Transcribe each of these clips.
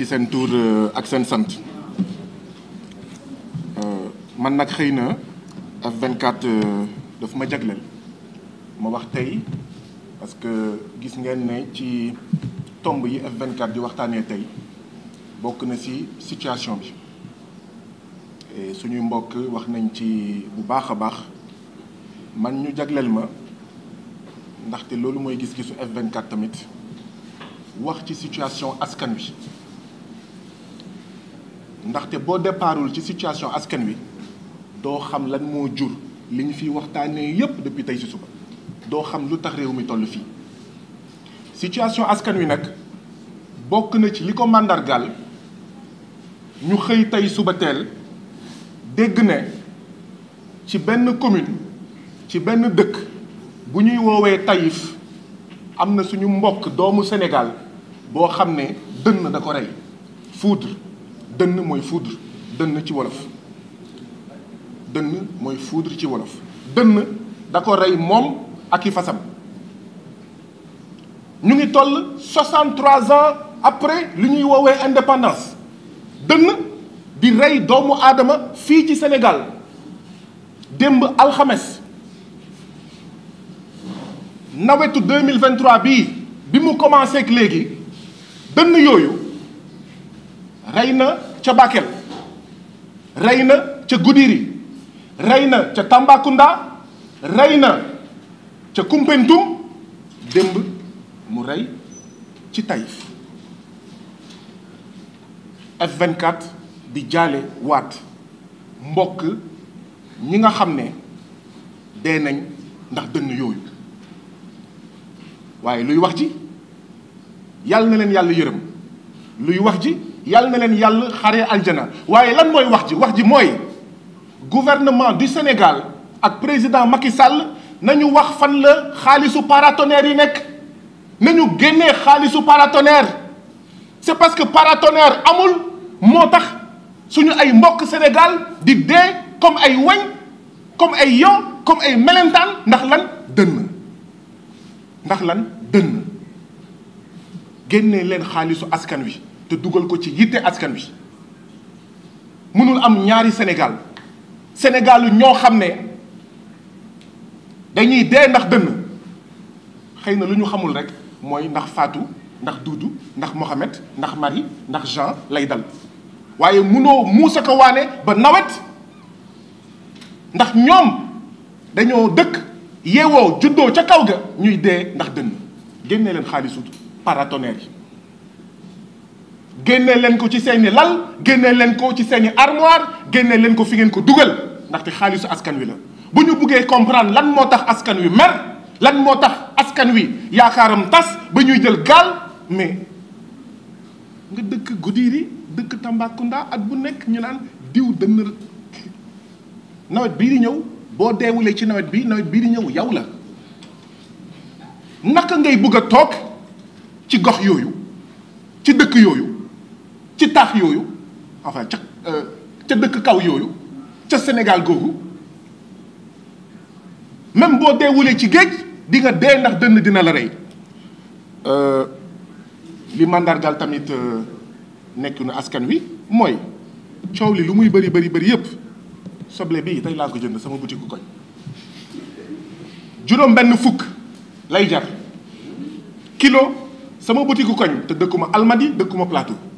ci seen tur euh, ak seen sant euh, man nag xëy na F24 euh, daf ma jagleel ma wax tey parce que gis ngeen ne ci tomb yi F24 di waxtaanee tey bokk na ci situation bi et suñuy mbokk wax nañ ci bu baax a baax man ñu jagleel ma ndaxte loolu mooy gis-gisu f quatre tamit wax ci situation askan wi. ndaxte boo départul ci situation askan wi doo xam lan moo jur li ñu fi waxtaanee yépp depuis tey si suba doo xam lu tax réew mi toll fii situation askan wi nag bokk na ci li ko màndargaal ñu xëy tey suba teel dégg ne ci benn commune ci benn dëkk bu ñuy woowee Taïf am na suñu mbokk doomu Sénégal boo xam ne dënn da ko rey foudre dënn mooy foudre dënn ci wolof dënn mooy foudre ci wolof dënn da ko rey moom ak i fasam ñu ngi toll 63 ans après li ñuy woowee indépendance dënn di rey doomu aadama fii ci Sénégal démb alxames nawetu 2023 bii bi mu commencé ak léegi dënn yooyu rey na ca Bakel rey na ca Goudiri rey na ca Tambacounda rey na ca Koumpentoum démb mu rey ci Taïf f di jaale waat mbokk ñi nga xam ne dee nañ ndax dënn yooyu waaye luy wax ji yàlla na leen yàlla yërëm luy wax ji yàlla na leen yàlla xaree aljana waaye lan mooy wax ji wax ji mooy gouvernement du Sénégal ak président Macky Sall nañu wax fan la xaalisu paratonnerre yi nekk nañu génnee xaalisu paratonnerre c'est parce que paratonnerre amul moo tax suñu ay mbokk Sénégal di dee comme ay weñ comme ay yow comme ay melentaan ndax lan dënn ndax lan dënn génnee leen xaalisu askan wi te dugal ko ci yitte askan wi mënul am ñaari Sénégal Sénégal ñoo xam ne dañuy dee ndax dënn xëy na lu ñu xamul rek mooy ndax Fatou ndax Doudou ndax Mohamed ndax Marie ndax Jean lay dal waaye mënoo muusa ko waane ba nawet ndax ñoom dañoo dëkk yeewoo juddoo ca kaw ga ñuy dee ndax dënn génne leen xaalisu paratonnerre yi génnee leen ko ci seeni lal génnee leen ko ci seeni armoire génnee leen ko fi ngeen ko dugal ndaxte xaalisu askan wi la bu ñu buggee comprendre lan moo tax askan wi mer lan moo tax askan wi yaakaaram tas ba ñuy jël gaal mais nga dëkk Goudiry dëkk Tambacounda at bu nekk ñu naan diw dënn nawet bii di ñëw boo deewulee ci nawet bi nawet bii di ñëw yow la naka ngay bëgg a toog ci gox yooyu ci dëkk yooyu ci taax yooyu enfin ca euh, ca dëkk kaw yooyu ca Sénégal googu même boo deewulee ci géej di nga dee ndax dënn dina la rey euh, li màndargal tamit euh, nekku na askan wi mooy coow li lu muy bari bëri bëri yëpp soble bi tey laa ko jënd sama boutique koñ juróom benn fukk lay jar kilo sama boutique koñ te dëkkuma Almadies dëkkuma Plateau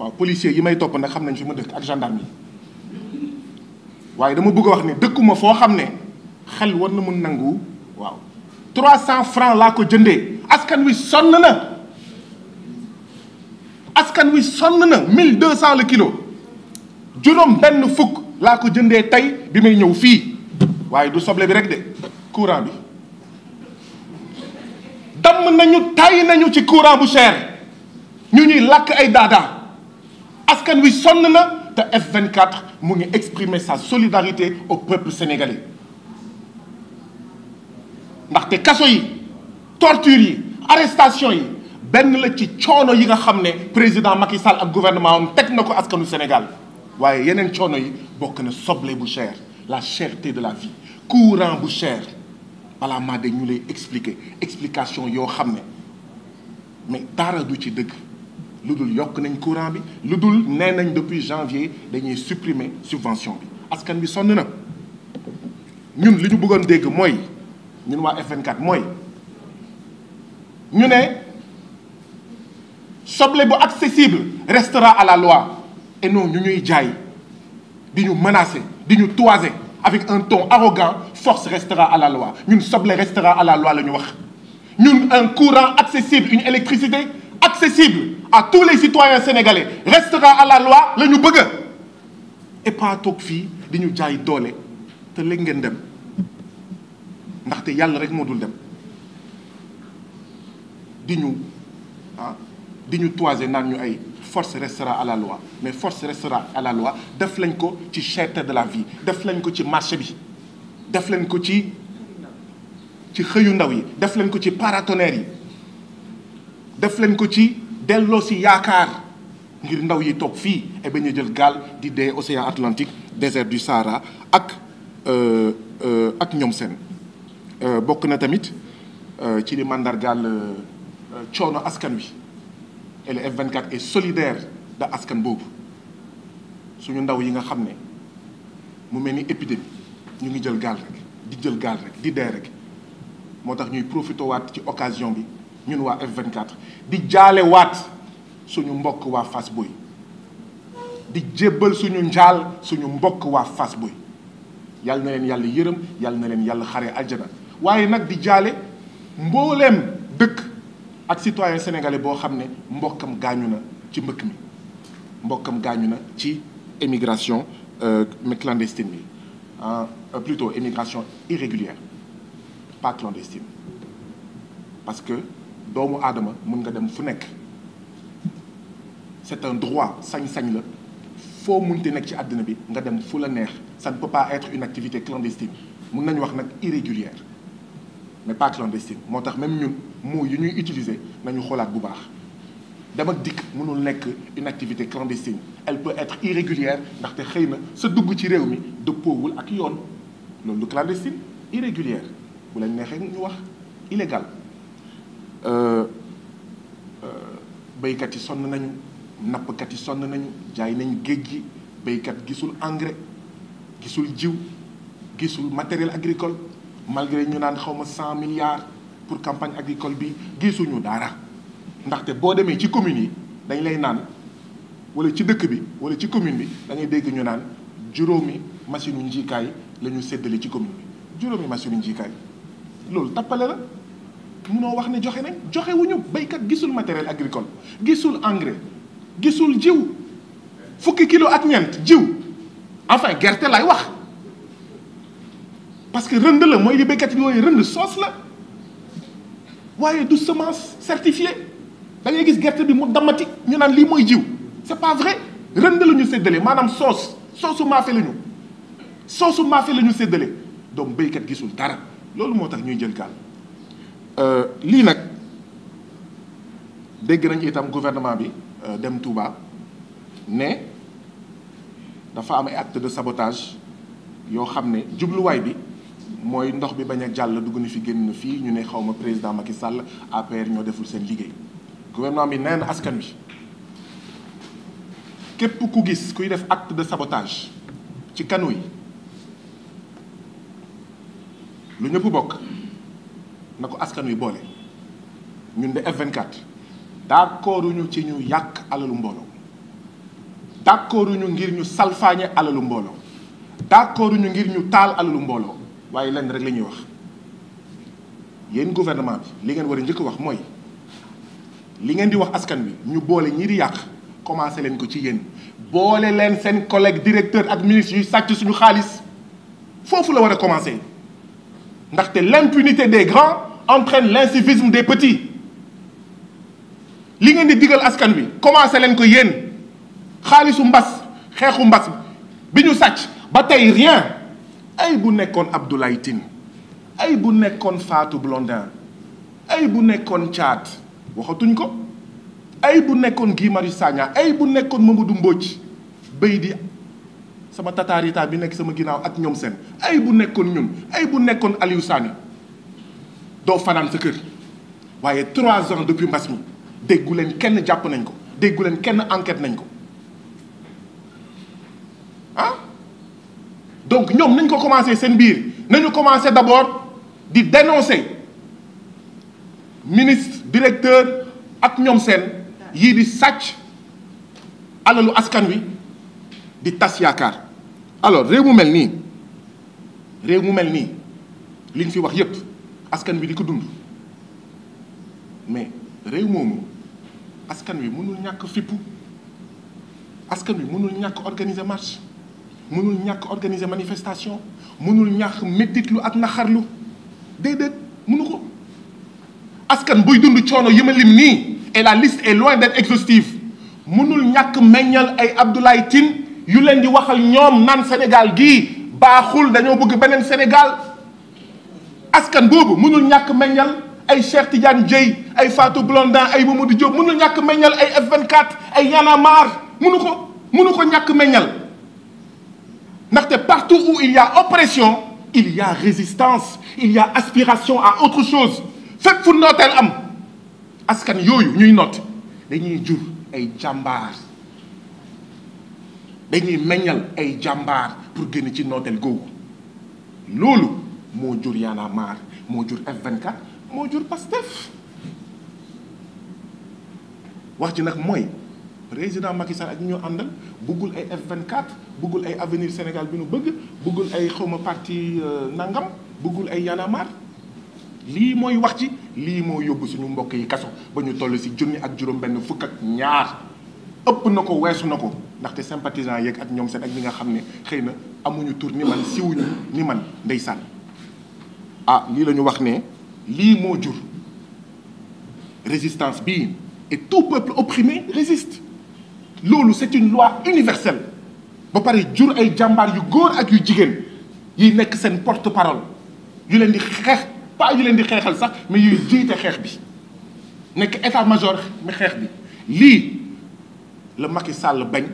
waaw policier yi may topp nag xam nañ fi ma dëkk ak gendarme yi waaye dama bëgg wax ne dëkkuma foo xam ne xel war na mun nangu waaw trois cent francs laa ko jëndee askan wi sonn na askan wi sonn na mille deux cent la kilo juróom benn fukk laa ko jëndee tey bi may ñëw fii waaye du soble bi rek de courant bi damm nañu tay nañu ci courant bu cher ñu ñuy làkk ay daadaa askan wi sonn na te F24 mu ngi exprimer sa solidarité au peuple sénégalais ndaxte kaso yi torture yi arrestation yi benn la ci coono yi nga xam ne président Macky Sall ak gouvernement am teg na ko askanu Sénégal waaye yeneen coono yi bokk na soble bu cher la cherté de la vie courant bu cher balaa maa de ñu lay expliquer explication yoo xam ne mais dara du ci dëgg lu dul yokk nañ courant bi lu dul nee nañ depuis janvier dañuy supprimer subvention bi askan bi sonn na ñun li ñu bëggoon dégg mooy ñun waa F24 mooy ñu ne soble bu accessible restera à la loi et non ñu ñuy jaay di ñu menacer di ñu toiser avec un ton arrogant force restera à la loi ñun soble restera à la loi la ñu wax ñun un courant accessible une électricité accessible à tous les citoyens sénégalais restera à la loi la ñu bëgg et pas fii di ñu jaay doole te léegi ngeen dem ndaxte yàlla rek moo dul dem di ñu ah di ñu toiser naan ñu ay force restera à la loi mais force restera à la loi def lañ ko ci cherté de la vie def lañ ko ci marché bi def lañ ko ci ci xëyu ndaw yi def lañ ko ci paratonnerre yi def lañ ko ci delloo si yaakaar ngir ndaw yi toog fii et eh bañ a jël gaal di dee océan Atlantique désert du Sahara ak euh, euh, ak ñoom seen euh, bokk na tamit ci li màndargaal coono askan wi et le F24 est solidaire da askan boobu suñu ndaw yi nga xam ne mu mel ni épidémie ñu ngi jël gaal rek di jël gaal rek di dee rek moo tax ñuy profité waat ci occasion bi ñun waa f di jaale waat suñu mbokk waa Fass Boye di jébbal suñu njaal suñu mbokk waa Fass Boye yàlla na leen yàlla yërëm yàlla na leen yàlla xare aljana waaye nag di jaale mbooleem dëkk ak citoyen sénégalais boo xam ne mbokkam gaañu na ci mbëkk mi mbokkam gaañu na ci émigration euh, clandestine bi ah, euh, plutôt émigration irrégulière pas clandestine parce que doomu aadama mun nga dem fu nekk c'est un droit sañ-sañ la foo munti nekk ci àddina bi nga dem fu la neex ça ne peut pas être une activité clandestine mun nañu wax nag irrégulière mais pas clandestine moo tax même ñun mots yu ñuy utiliser nañu xoolaat bu baax dem ak dikk mënul nekk une activité clandestine elle peut être irrégulière ndaxte xëy na sa dugg ci réew mi dëppoowul ak yoon loolu du clandestine irrégulière bu lañ neexee ñu wax illégal Euh, euh, béykat yi sonn nañu nappkat yi sonn nañu jaay nañ géej gi béykat gisul engrais gisul jiw gisul matériel agricole malgré ñu naan xaw ma cent milliards pour campagne agricole bi gisuñu dara ndaxte boo demee ci commune yi dañ lay naan wala ci dëkk bi wala ci commune bi da dégg ñu naan juróomi machine u njiikaay la ñu séddale ci commune bi juróomi machine u njiikaay loolu tappale la munoo wax ne joxe nañ joxewuñu wuñu béykat gisul matériel agricole gisul engrais gisul jiw fukki kilo ak ñeent jiw enfin gerte lay wax parce que rënd la mooy li béykat yi wooyu rënd soos la waaye du semence certifiée dangay gis gerte bi mu damati ñu naan lii mooy jiw c'est pas vrai rënd la ñu séddale maanaam soos soosu maafe la ñu soosu maafe la ñu séddale doom béykat gisul dara loolu moo tax ñuy jël gaal Euh, lii nag dégg nañu itam gouvernement bi euh, dem Touba ne dafa am ay acte de sabotage yoo xam ne jubluwaay bi mooy ndox bi bañ a jàll dugg na fi génn fii ñu ne xaw ma président Macky Sall APR ñoo deful seen liggéey gouvernement bi nee na askan wi képp ku gis kuy def acte de sabotage ci kanu yi lu ñëpp bokk. na ko askan wi boole ñun de F24 ñu ci ñu yàq alalu mbooloo d'accorduñu ngir ñu salfaañe alalu mbooloo ñu ngir ñu taal alalu mbooloo waaye lenn rek la ñuy wax yéen gouvernement bi li ngeen war a njëkk wax mooy li ngeen di wax askan wi ñu boole ñii di yàq commencé leen ko ci yéen boole leen seen collègue directeur ak ministre yuy sàcc suñu xaalis foofu la war a commencé ndaxte l'impunité des grands entraîne l'incivisme de petits li ngeen di diggal askan wi commencé leen ko yéen xaalisu mbas xeexu mbas bi ñu sàcc ba tey rien ay bu nekkoon Abdoulaye Tine ay bu nekkoon Fatou Blondin ay bu nekkoon Thiat waxatuñ ko ay bu nekkoon Guy Marius Sagna ay bu nekkoon Mamadou Mbodj béy di sama tatarita bi nekk sama ginnaaw ak ñoom seen ay bu nekkoon ñun ay bu nekkoon Aliou Sané doo fanaan sa kër waaye trois ans depuis mbas mi déggu leen kenn jàpp nañ ko déggu leen kenn enquête nañ ko ah donc ñoom nañ ko commencé seen biir nañu commencé d'abord di dénoncer ministre directeur ak ñoom seen yii di sàcc alalu askan wi di tas yaakaar alors réew mu mel nii réew mu mel nii liñ fi wax yépp askan wi di ko dund mais réew moomu askan wi mënul ñàkk fippu askan wi mënul ñàkk organiser marche mënul ñàkk organiser manifestation mënul ñàkk méttitlu ak naxarlu déedéet mënu ko askan buy dund coono yi ma lim nii et la liste est loin d'être exhaustive mënul ñàkk meññal ay Abdoulaye Tine yu leen di waxal ñoom naan Sénégal gii baaxul dañoo bëgg beneen Sénégal askan boobu mënul ñàkk meññal ay Cheikh Tidiane Dieye ay Fatou Blondin ay Mamadou Diop mënul ñàkk meññal ay F24 ay Y'en a marre mënu ko mënu ko ñàkk meññal ndaxte partout où il y oppression il y résistance il y a aspiration à autre chose fépp fu nooteel am askan yooyu ñuy noot dañuy jur ay jàmbaar dañuy meññal ay jàmbaar pour génn ci nooteel googu loolu moo jur Y moo jur F24 moo jur Pastef wax ji nag mooy président Macky ak ñu ñoo àndal bëggul ay F24 bëggul ay avenir Sénégal bi nu bëgg bëggul ay ma parti euh, nangam bëggul ay Y lii mooy wax ci lii moo yóbbu suñu mbokk yi kaso ba ñu toll si junni ak juróom-benn fukk ak ñaar ëpp na ko weesu na ko ndaxte sympathisant yeeg ak ñoom seen ak ñi nga xam ne xëy na amuñu tur ni man siwuñu ni man ndeysaan ah lii la wax ne lii moo jur résistance bii et tout peuple opprimé résiste loolu c'est une loi universelle ba pare jur ay jàmbaar yu góor ak yu jigéen yiy nekk seen porte-parole yu leen di xeex pas yu leen di xeexal sax mais yuy jiite xeex bi nekk état-major mi xeex bi lii la Macky sàll bañ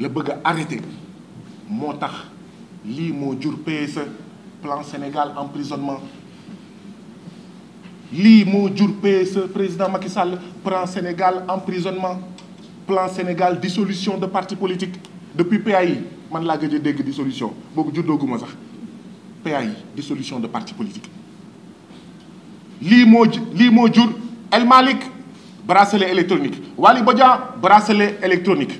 la bëgg a arrêté moo tax lii moo jur PSE plan Sénégal emprisonnement lii moo jur PSE président Macky Sall plan Sénégal emprisonnement plan Sénégal dissolution de parti politique depuis PAI man laa gëj a dégg dissolution boobu juddooguma sax PAI dissolution de parti politique lii moo lii moo jur El Malick bracelet électronique Wali Bodian bracelet électronique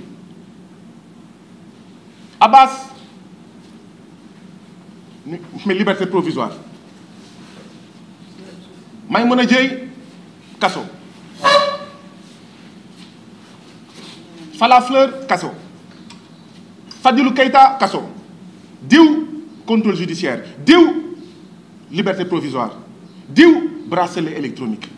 Abbas mais liberté provisoire may mën a jëy kaso Falla Fleur kaso Fadilou kayta kaso diw contrôle judiciaire diw liberté provisoire diw bracelet électronique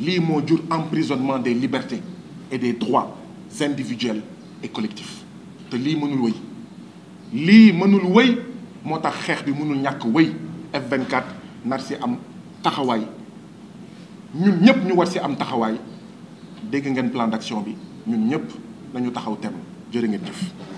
lii moo jur emprisonnement des libertés et des droits individuels et collectifs te lii mënul wéy lii mënul wëy moo tax xeex bi mënul ñàkk wëy F24 nar si am taxawaay ñun ñëpp ñu war si am taxawaay dégg ngeen plan d'action bi ñun ñëpp nañu taxaw tem jërë ngeen jëf